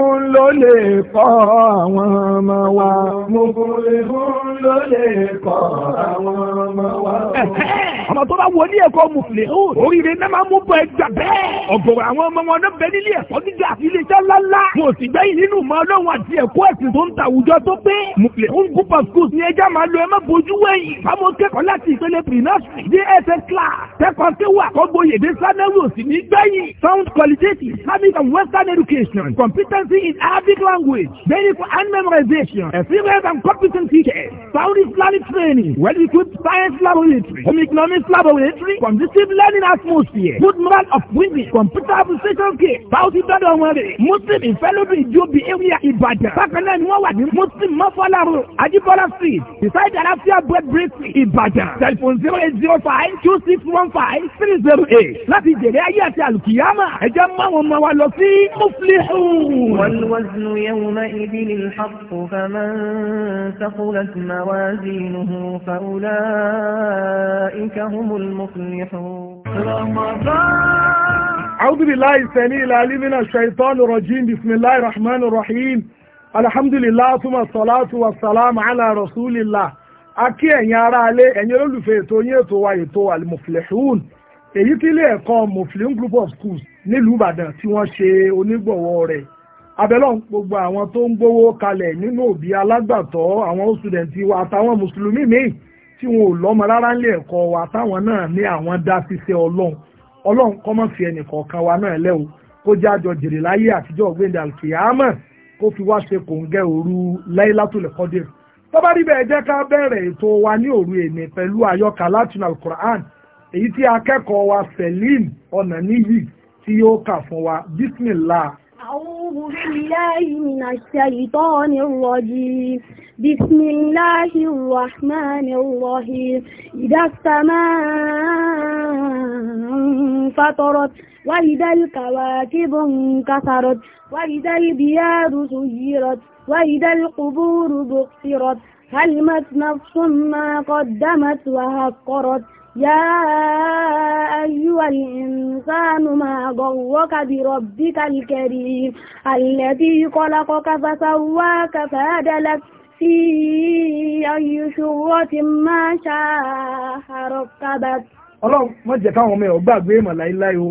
fún ló lè kọ́ àwọn ọmọ wa. ọmọ tó bá wọ ní ẹ̀kọ́ mufle ó oríire náà máa mú bọ ẹgbà bẹ́ẹ̀. ọ̀gọ̀rọ̀ àwọn ọmọ wọn náà bẹ nílé ẹ̀kọ́ gíga àti iléeṣẹ́ ńláńlá. mo sì gbẹ́yìn nínú ìmọ̀ ọlọ́run àti ẹ̀kọ́ ẹ̀sìn tó ń ta àwùjọ tó pé. mufle ó gúpa schools ní ẹja máa lo ẹ má bojú wẹ̀yìn. báwo kẹ́kọ̀ọ́ láti ìpele Literacy in Arabic language, medical and memorization, experienced and competent teachers, sound Islamic training, well-equipped science laboratory, home economics laboratory, conducive learning atmosphere, good moral of women, computer application kit, bounty dọ́dọ̀ wọn rè. Muslim ìfẹ́lódù ìjọbi area Ìbàdàn. Bákan náà ni wọ́n wà ní Muslim Mọ́fọ́láro, Ajibola street, beside Alafia bread bakery Ìbàdàn. Telephone zero eight zero five two six one five three zero eight. Láti jèrè ayé àti àlùkìyámà, ẹ jẹ́ máwọn ọmọ wa lọ sí Muflihun. والوزن يومئذ الحق فمن ثقلت موازينه فأولئك هم المفلحون أعوذ بالله السميع العليم من الشيطان الرجيم بسم الله الرحمن الرحيم الحمد لله ثم الصلاة والسلام على رسول الله akí ẹ̀yin aráalé ẹ̀yin olólùfẹ́ ètò yín ètò wa ètò èyí tí ilé ẹ̀kọ́ muflihun group of schools nílùú Ìbàdàn tí wọ́n ṣe onígbọ̀wọ́ rẹ̀ abẹ́lọ́n gbogbo àwọn tó ń gbowó kalẹ̀ nínú òbí alágbàtọ́ àwọn sùdẹ̀ǹtì wa àtàwọn mùsùlùmí míì tí wọn ò lọ́mọ rárá nílé ẹ̀kọ́ wa táwọn náà ní àwọn dá ṣiṣẹ́ ọlọ́run ọlọ́run kó má fi ẹnì kọ̀ọ̀kan wa náà lẹ́wọ̀ kó jẹ́ àjọ jèrè láyé àtijọ́ ọ̀gbẹ́ndà kìámà kó fi wá ṣe kòǹgẹ́ òru Laylatul Qadr tọ́ba rí bẹ́ẹ̀ jẹ́ ká bẹ̀rẹ̀ ètò wa ní òru èmi pẹ̀lú àyọkà látinú alukur'an èyí tí akẹ́kọ̀ọ́ wa Selim Ọ̀nàníyì tí yóò kà fún wa bismillah أعوذ بالله من الشيطان الرجيم بسم الله الرحمن الرحيم إذا السماء انفطرت وإذا الكواكب انكسرت وإذا البياد سيرت وإذا القبور بقصرت هلمت نفس ما قدمت وهقرت يا أيها الإنسان ما ضرك بربك الكريم الذي خلقك فسواك فعدلك في أي شرة ما شاء ركبك Ọlọ́run wọ́n jẹ́ káwọn ọmọ ẹ̀ gbàgbé ìmọ̀ láíláí o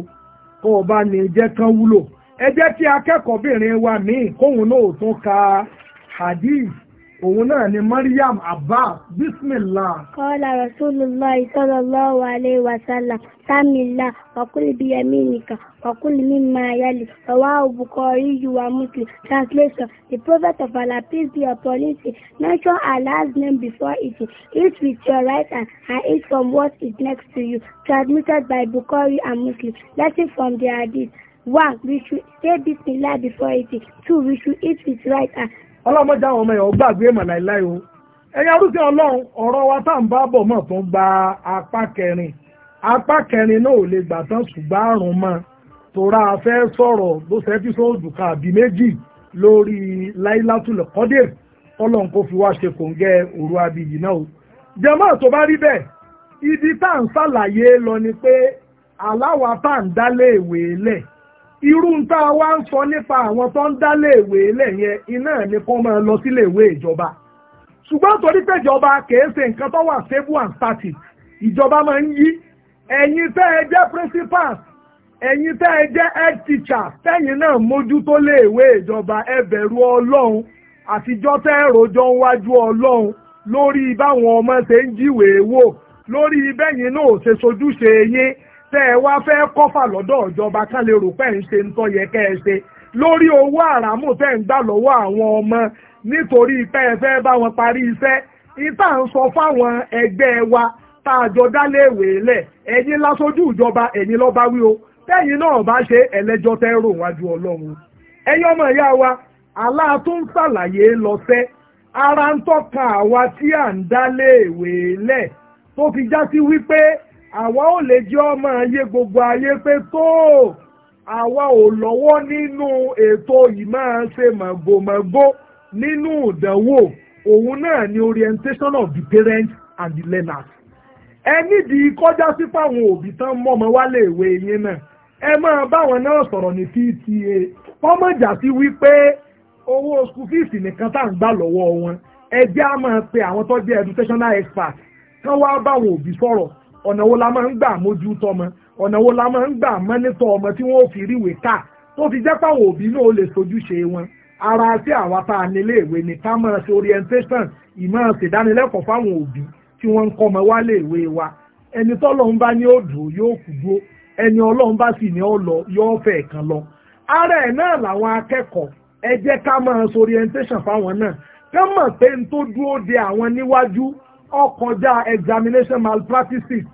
kó o bá ní jẹ́ kán wúlò ẹ jẹ́ kí akẹ́kọ̀ọ́bìnrin wa míì kóhun náà tún ka hadith òun náà ni Maryam Abbas bismillah. kọ́lá rasulullah sallallahu alayhi wa sallam samila wakuli biyaminika wakuli mimma yali wa Bukhari wa Muslim translation the prophet of Allah peace be upon him say mention Allah's name before eating eat with your right hand and eat from what is next to you transmitted by Bukhari and Muslim lesson from the hadith one we should say bismillah before eating two we should eat with right hand ọlọ́mọdé àwọn ọmọ yẹn ó gbàgbé èèmọ̀ láìláì o ẹ̀yin arúgbó ọlọ́run ọ̀rọ̀ wa tá à ń bá bọ̀ mọ̀ tó ń gba apá kẹrin apá kẹrin náà ò lè gbà tán ṣùgbọ́n àrùn mọ́ tora afẹ́ sọ̀rọ̀ bó ṣe fi sóòdù kan àbí méjì lórí láìlátùlẹ̀ kọ́dé ọlọ́run kò fi wá ṣe kòǹgẹ́ òru abiyì náà o jẹ́mọ́ tó bá rí bẹ́ẹ̀ ibi tá à ń ṣàlàyé lọ ni pé aláwa tá à ń dálé ìwé lẹ̀ irú ń tá a wá ń sọ nípa àwọn tó ń dá léèwé lẹ́yìn iná ní kó máa lọ sí léèwé ìjọba ṣùgbọ́n torí pẹ̀jọba kìí ṣe nǹkan tó wà stable and static ìjọba máa ń yí ẹ̀yin tẹ́ ẹ jẹ́ principals ẹ̀yin tẹ́ ẹ jẹ́ head teacher tẹ́yìn náà mójútó léèwé ìjọba ẹ bẹ̀rù ọlọ́run àtijọ́ tẹ́ rojọ́ wájú ọlọ́run lórí báwọn ọmọ ṣe ń jíwèé wò lórí bẹ́yìn náà ṣe sojúṣe yín tẹ́ ẹ wá fẹ́ kọ́fà lọ́dọ̀ ìjọba ká lè rò pé ń ṣe ń tọ́ yẹ kẹ́ ẹ ṣe lórí owó àràmù tẹ́ ń gbà lọ́wọ́ àwọn ọmọ nítorí pé ẹ fẹ́ bá wọn parí iṣẹ́ ìta ń sọ fáwọn ẹgbẹ́ wa tá a jọ dáléèwé lẹ̀ ẹ̀yin lásojú ìjọba ẹ̀yin lọ́ba wí o tẹ́yìn náà bá ṣe ẹlẹ́jọ́ tẹ́ rò wájú ọlọ́run ẹ̀yin ọmọ ìyá wa aláàtún ṣàlàyé lọ́sẹ́ ara ń tọ́ka àwa tí à ń dáléèwé lẹ̀ tó fi já sí wípé àwa ò lè jẹ́ ọmọ ayé gbogbo ayé pé tó àwa ò lọ́wọ́ nínú ètò ìmáṣe màgòmágó nínú ìdánwò òun náà ni orientation of the parents and the learners ẹni di kọjá sí fáwọn òbí tán mọ́mọ wálé ìwé yín náà ẹ máa báwọn náà sọ̀rọ̀ ní PTA wọ́n mọ̀ jà sí wípé owó school fees nìkan tá à ń gbà lọ́wọ́ wọn ẹ jẹ́ máa pe àwọn tó jẹ́ educational experts kán wá báwọn òbí sọ̀rọ̀ ọ̀nà la máa ń gbà mójú tọmọ ọ̀nà la máa ń gbà mọ́nítọ̀ ọmọ tí wọ́n ò fi ríwèé kà tó fi jẹ́ pàwọn òbí náà ó lè sojúṣe wọn ara sí àwa tá a nílé ìwé ni ká máa ṣe orientation ìmọ̀ ṣèdánilẹ́kọ̀ọ́ fáwọn òbí tí wọ́n ń kọ́ wá lè wa ẹni tọ́lọ́run bá ní òdò yóò kú dúró ẹni ọlọ́run bá sì ní ọ lọ yóò fẹ́ kan lọ ara ẹ̀ náà làwọn akẹ́kọ̀ọ́ ẹ jẹ́ ká máa ṣe orientation fáwọn náà ká mọ̀ pé n tó dúró de àwọn níwájú ọkọjá examination malpractices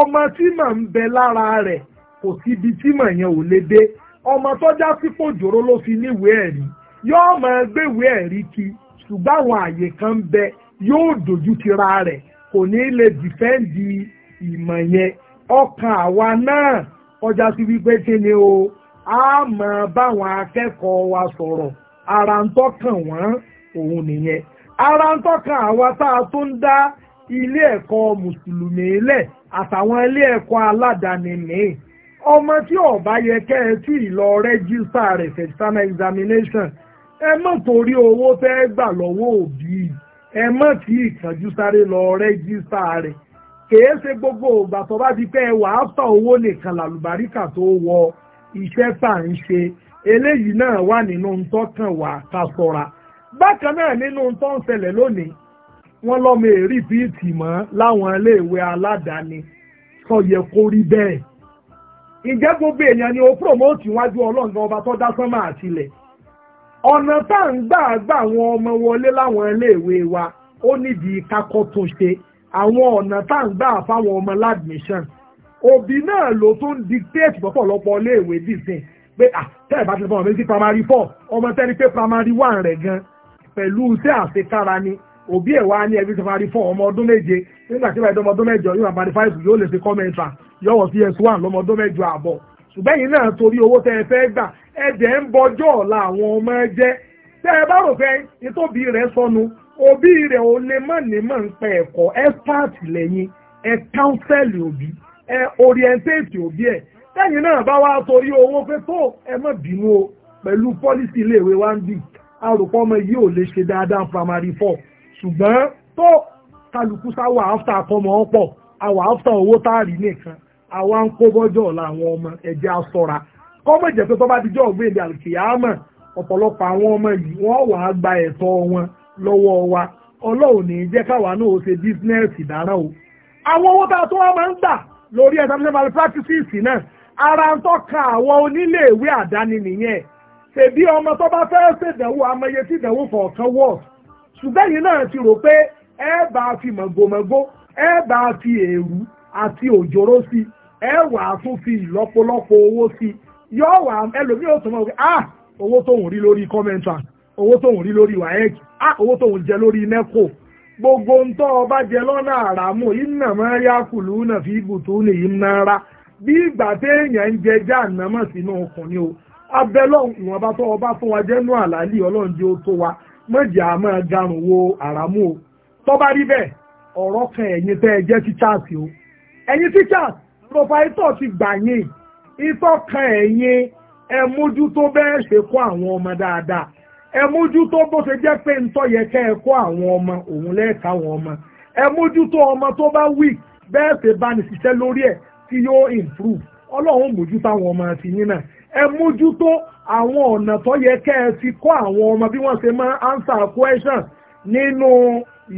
ọmọ tí mà ń bẹ lára rẹ̀ kò síbi tí mà yẹn ò lè dé ọmọ tọ́já sí pòjòrò ló fi níwèé ẹ̀rí yóò máa gbéwèé ẹ̀rí kí ṣùgbọ́n àwọn àyè kan ń bẹ yóò dojú tira rẹ̀ kò ní lè dìfẹ́ǹdì ìmọ̀ yẹn ọkàn àwa náà ọjà sí wípé kí ni o a máa báwọn akẹ́kọ̀ọ́ wa sọ̀rọ̀ ara ń tọ́kàn wọ́n òun nìyẹn ara ń tọ́ka àwa tá a tó ń dá ilé ẹ̀kọ́ mùsùlùmí lẹ̀ àtàwọn ilé ẹ̀kọ́ aládàáni ní ọmọ tí ọba yẹ kẹ́ ẹ tí ì rẹ́gísítà rẹ̀ external examination ẹ mọ̀ torí owó fẹ́ gbà lọ́wọ́ òbí ẹ mọ̀ tí ìkànjú sáré lọ rẹ́gísítà rẹ̀ kèé ṣe gbogbo ògbà tó bá ti pẹ́ wà á tọ̀ owó nìkan làlùbáríkà tó wọ iṣẹ́ tá ń ṣe eléyìí náà wà nínú ń tọ́kàn wà ká bákan náà nínú tó ń ṣẹlẹ̀ lónìí wọ́n lọ́mọ èrí bíìtì mọ́ láwọn iléèwé aládàáni sọ yẹ kó rí bẹ́ẹ̀. ǹjẹ́ gbogbo èèyàn ni ó promote iwájú ọlọ́ǹgá ọba tó dá sánmà àtìlẹ̀. ọ̀nà tá à ń gbà gbà àwọn ọmọ wọlé láwọn iléèwé wa ó nídìí kakọ́ tó ṣe àwọn ọ̀nà tá à ń gbà fáwọn ọmọ ládmíṣàn. òbí náà ló tún dictate pọ̀pọ̀lọpọ̀ iléèwé dìsìn pé àtẹ́ẹ̀ bá ti fọwọ́ mi sí primary four ọmọ tẹ́ni pé primary one rẹ̀ gan-an pẹ̀lú iṣẹ́ àṣekára ni òbí ẹ̀ wá ní ẹbí tó parí fún ọmọ ọdún méje nígbà tí wàá dọ́mọ ọdún mẹ́jọ yóò máa parí fáìfù yóò lè fi kọ́mẹ́ntà yọ̀wọ̀ sí ps one lọ́mọ ọdún mẹ́jọ àbọ̀ ṣùgbọ́n yìí náà torí owó tẹ́ ẹ fẹ́ gbà ẹ̀jẹ̀ ń bọjọ́ ọ̀la àwọn ọmọ ẹ jẹ́ tẹ́ ẹ bá rò fẹ́ ìtòbí rẹ̀ sọnù òbí rẹ̀ ò lè mọ̀ ní mọ̀ ń pẹ́ ẹ̀kọ́ ẹ pààtì lẹ́yìn ẹ káńsẹ́lì òbí ẹ orientate òbí ẹ̀ tẹ́yìn náà bá wá torí owó pé tó ẹ má bínú o pẹ̀lú pọ́lísì iléèwé wa ń dì arùpọ̀ ọmọ yìí ò lè ṣe dáadáa primary four ṣùgbọ́n tó kálukú sáwà after àkọmọ ọ̀pọ̀ àwà after owó táàrí nìkan àwa ń kó bọ́jọ́ ọ̀la àwọn ọmọ ẹ̀jẹ̀ asọ̀ra kọ́mọ̀ jẹ́ pé tó bá dijọ́ ọ̀gbìn ìdí ọ̀pọ̀lọpọ̀ àwọn ọmọ yìí wọ́n wà á gba ẹ̀tọ́ wọn lọ́wọ́ wa ọlọ́run ní jẹ́ káwa náà ó ṣe bísínẹ́ẹ̀sì dáná o àwọn owó tá a tó wá máa ń gbà lórí ẹ̀sán malpractices náà ara ń tọ́ka àwọn oníléèwé àdáni nìyẹn ṣèbí ọmọ tó bá fẹ́ ṣèdánwò amẹyẹ tí ìdánwò fọ̀ọ̀kan wọ̀ ṣùgbọ́n yìí náà ti rò pé ẹ bá fi mọ̀gbọ̀mọ̀gbọ̀ ẹ bá fi èrú àti òjòrò sí ẹ wà tún fi owó sí yọ wà ẹlòmíì mọ̀ pé ah owó lórí kọ́mẹ́ntà owó rí lórí wáyẹ́kì ah owó jẹ lórí nẹ́kò gbogbo ń ọba jẹ lọ́nà àràmù abẹ́lọ́hùn ìwọ̀nba tó ọba fún wa jẹ́nu àlàálì ọlọ́run ó tó wa mọ̀jẹ̀ àmọ́ garùn wo àràmú o tó bá rí bẹ́ẹ̀ ọ̀rọ̀ kan ẹ̀yin tẹ́ ẹ jẹ́ teachers o ẹ̀yin teachers proprietor ti gbà yín ìtọ́ kan ẹ̀yin ẹ mójútó bẹ́ẹ̀ ṣe kọ́ àwọn ọmọ dáadáa ẹ mójútó bó ṣe jẹ́ pé ntọ́ yẹ kẹ́ ẹ kọ́ àwọn ọmọ òun lẹ́ẹ̀ka àwọn ọmọ ẹ mójútó ọmọ tó bá weak bẹ́ẹ̀ ṣe bá ní ṣiṣẹ́ lórí ẹ̀ tí yóò improve ọlọ́run mójútó àwọn ọmọ ti yín náà ẹ mójútó àwọn ọ̀nà tó yẹ kẹ́ ẹ fi kọ́ àwọn ọmọ bí wọ́n ṣe máa answer question nínú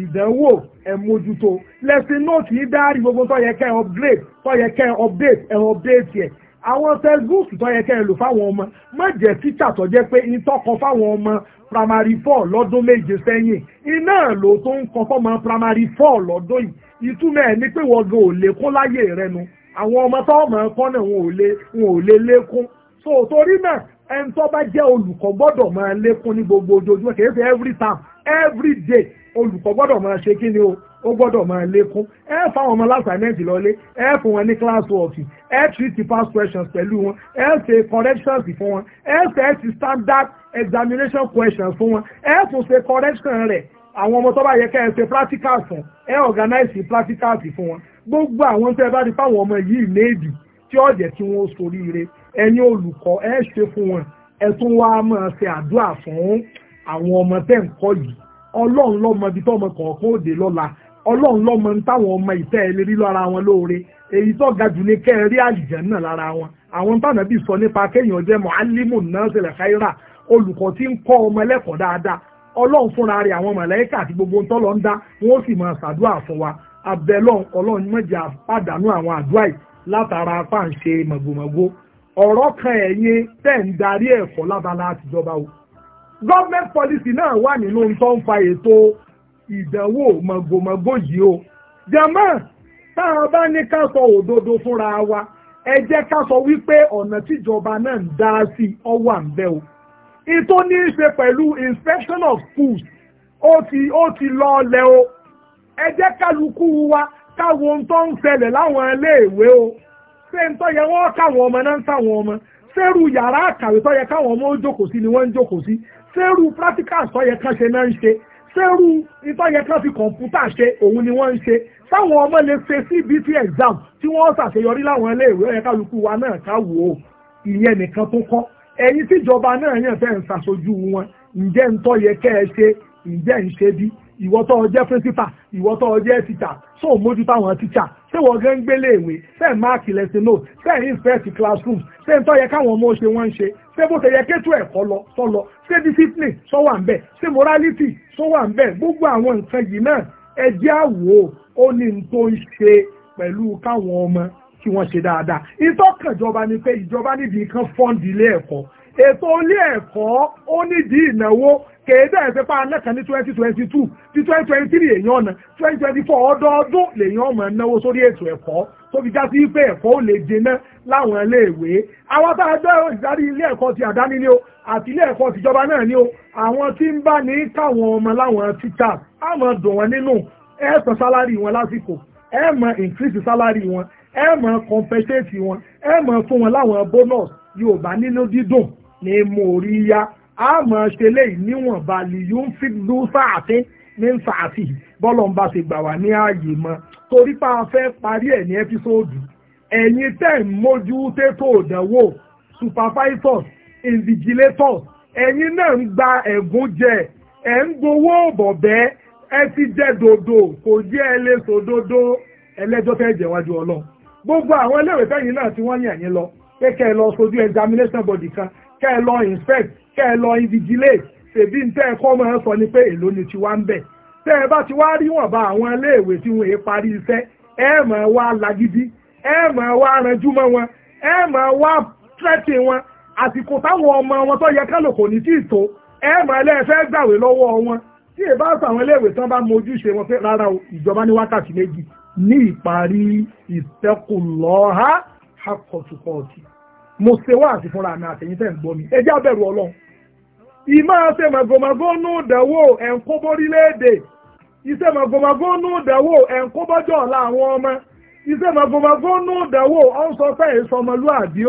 ìdánwò ẹ mójútó lẹ́sìn náà kì í dárí gbogbo tó yẹ kẹ́ ẹ upgrade tó yẹ kẹ́ ẹ update ẹ update yẹ àwọn textbook tó yẹ kẹ́ ẹ lò fáwọn ọmọ má jẹ́ tíṣà tó jẹ́ pé ìtọ́kọ fáwọn ọmọ primary four lọ́dún méje sẹ́yìn iná ló tó ń kọ́ fọ́mọ primary four lọ́dún yìí ìtumọ̀ ẹ̀ ní pé wọ́n gan ò lékún láyé rẹ nu àwọn ọmọ tó ọmọ ẹ̀kọ́ náà wọn ò lé wọn ò lé lékún so torí náà ẹni tó bá jẹ́ olùkọ́ gbọ́dọ̀ máa lékún ní gbogbo ojoojúmọ́ kìí ṣe every time every day olùkọ́ gbọ́dọ̀ máa ṣe kí ni o ó gbọ́dọ̀ máa lékún ẹ fáwọn ọmọ lásàmẹ́ǹtì lọlé ẹ fún wọn ní class work ẹ treat past questions pẹ̀lú wọn ẹ ṣe corrections fún wọn ẹ ṣe ṣe standard examination questions fún wọn ẹ tún ṣe correction rẹ̀ àwọn ọmọ tó bá yẹ kẹ́ ẹ ṣe practical fún ẹ organize practical fún wọn gbogbo àwọn tẹ́ ẹ bá rí fáwọn ọmọ yìí méjì tí ó jẹ́ kí wọ́n soríire ẹ̀yin olùkọ́ ẹ ṣe fún wọn ẹ tún wá máa ṣe àdúrà fún àwọn ọmọ tẹ́ ń kọ́ yìí ọlọ́run lọ́mọ ibi tọ́mọ kọ̀ọ̀kan òde lọ́la ọlọ́run lọ́mọ ń táwọn ọmọ ìtẹ́ ẹlẹ́rí lára wọn lóore èyí tó ga jù ní kẹ́ẹ̀rí àlìjànnà lára wọn àwọn tànàbí sọ nípa kéèyàn jẹ́ mọ̀álímù náà ṣẹlẹ̀ káírà olùkọ́ tí ń kọ́ ọmọ ẹlẹ́kọ̀ọ́ dáadáa ọlọ́run fúnra rẹ̀ àwọn mọ̀lẹ́kà àti gbogbo ń tọ́lọ́ ń dá wọ́n sì máa ṣàdúrà fún wa abẹ́lọ́run ọlọ́run mọ̀jà pàdánù àwọn àdúrà yìí látara apá ń ṣe màgòmágó ọ̀rọ̀ kan ẹ̀yin tẹ̀ ń darí ẹ̀fọ́ lábala àtijọba o government policy náà wà nínú tó ń fa ètò ìdánwò mọ̀gòmọ̀gò yìí o jẹ́mọ́ tá a bá ní ká sọ òdodo fúnra wa ẹ jẹ́ ká sọ wípé ọ̀nà tíjọba náà ń dá sí ọwà ń bẹ́ o ìtò ní í ṣe pẹ̀lú inspection of schools ó ti ó ti lọ ọlẹ́ o ẹ jẹ́ kálukú wa káwọn tó ń ṣẹlẹ̀ láwọn iléèwé o ṣé ń tọ́ yẹ wọ́n káwọn ọmọ náà ń káwọn ọmọ ṣẹ́rù yàrá àkàwé tọ́ yẹ káwọn ọmọ ó jókòó sí ni wọ́n ń jókòó sí ṣẹ́rù practicals tọ́ yẹ kán ṣe náà ń ṣe ṣẹ́rù ìtọ́ yẹ kán fi kọ̀ǹpútà ṣe òun ni wọ́n ń ṣe táwọn ọmọ lè ṣe CBC exam tí wọ́n ṣàṣeyọrí láwọn iléèwé ọ̀yẹ́ kálukú wa náà ká wò ó ìyẹn nìkan tó kọ́ ẹ̀yin tíjọba náà yàn fẹ́ ń ṣàṣojú wọn ǹjẹ́ ń tọ́ yẹ kẹ́ ẹ ṣe ǹjẹ́ ń ṣe bí ìwọ tó o jẹ́ principal ìwọ tó o jẹ́ teacher so mójútó àwọn teacher ṣé wọ́n gẹ́ ń gbélé ìwé ṣé ń máàkì lẹ́sìn náà ṣé ń inspect classroom ṣé ń tọ́ yẹ káwọn ọmọ ṣe wọ́n ń ṣe ṣé bó ṣe yẹ kétú ẹ̀kọ́ lọ sọ lọ ṣé discipline sọ wà ń bẹ̀ ṣé morality sọ wà ń bẹ̀ gbogbo àwọn nǹkan yìí náà ẹ jẹ́ àwò ó ní n tó ń ṣe pẹ̀lú káwọn ọmọ kí wọ́n ṣe dáadáa ìtọ́kànjọba ni kèédé ẹ̀sẹ̀ pa anẹ́kan ní twenty twenty two ti twenty twenty three èèyàn ọ̀nà twenty twenty four ọdọọdún lèèyàn ọmọ náwó sórí ètò ẹ̀kọ́ tó fi já sí pé ẹ̀kọ́ ò lè jẹná láwọn iléèwé àwọn tá a jẹ́ ìdarí ilé ẹ̀kọ́ ti àdáni ni o àti ilé ẹ̀kọ́ tìjọba náà ni o àwọn tí ń bá ní káwọn ọmọ láwọn títà á mọ̀ dùn wọn nínú ẹ sọ sálárì wọn lásìkò ẹ mọ̀ increase sálárì wọn ẹ mọ̀ compensate wọn ẹ mọ̀ fún wọn láwọn bonus yóò bá nínú dídùn ní mo rí yá a mọ̀ ṣe léyìí níwọ̀nba lè yóò fi lù sáàtì ní sáàtì bọ́lọ̀ ń bá ṣe gbà wá ní ààyè mọ́ torí pa fẹ́ parí ẹ̀ ní ẹ́písòdù ẹ̀yin tẹ̀ ń mójú tètò ìdánwò supervisors invigilators ẹ̀yin náà ń gba ẹ̀gún jẹ ẹ̀ ń gbowó bọ̀bẹ́ ẹ ti jẹ dòdò kò jẹ́ ẹ lè sòdodo ẹlẹ́jọ́ fẹ́ jẹ̀wájú ọlọ́ gbogbo àwọn ẹlẹ́wẹ̀ẹ́ fẹ́yìn náà tí wọ́n yàn yín lọ pé kẹ́ ẹ lọ sojú examination body kan kẹ́ ẹ lọ inspect kẹ́ ẹ lọ invigilate tèbí ń tẹ́ ẹ kọ́ ọmọ ẹ sọ ni pé èló ni tiwa ń bẹ̀ tẹ́ ẹ bá ti wá rí wọ̀nba àwọn iléèwé tí wọ́n parí iṣẹ́ ẹ mọ̀ ẹ wá lagidi ẹ mọ̀ ẹ wá ranjú mọ́ wọn ẹ mọ̀ ẹ wá tẹ́tì wọn àsìkò táwọn ọmọ wọn tó yẹ kálò kò ní tí ì tó ẹ mọ̀ ẹlẹ́fẹ́ gbàwé lọ́wọ́ wọn tí ì bá sọ àwọn iléèwé tán bá mojúṣe wọn pé rárá o ìjọba ní wákàtí méjì ní ìparí ìtẹ́kùlọ́ha hakọ̀tùkọ̀tù mo ṣe wá àti fúnra mi àtẹ̀yìn tẹ̀ ń gbọ́ mi ẹjẹ́ abẹ̀rù ọlọ́run ìmọ̀ ṣe màgòmágó nù dàwó ẹ̀ńkó bórílẹ̀-èdè iṣẹ́ màgòmágó nù dàwó ẹ̀ńkó bọ́jọ́ ọ̀la àwọn ọmọ iṣẹ́ màgòmágó nù dàwó ọ̀nsọ́fẹ́ ìsọmọlúàbí o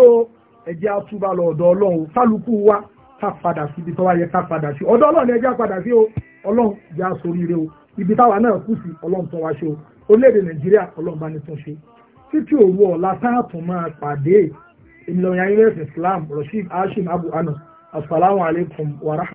ẹjẹ́ àtúbà lọ ọ̀dọ̀ ọlọ́run kálukú wa ká padà sí ibi tó wá yẹ ká padà sí ọ̀dọ̀ ọlọ́run ẹjẹ́ padà sí o ọlọ́run já soríire o ibi táwa náà kù sí ọlọ́run tó wá ṣe o orílẹ̀-èdè nàìjíríà ọlọ́run bá ní tún ṣe títí ìlànà ayélujára islam rasheed hashim abu anas asalaamualeykum wa rahmatulah.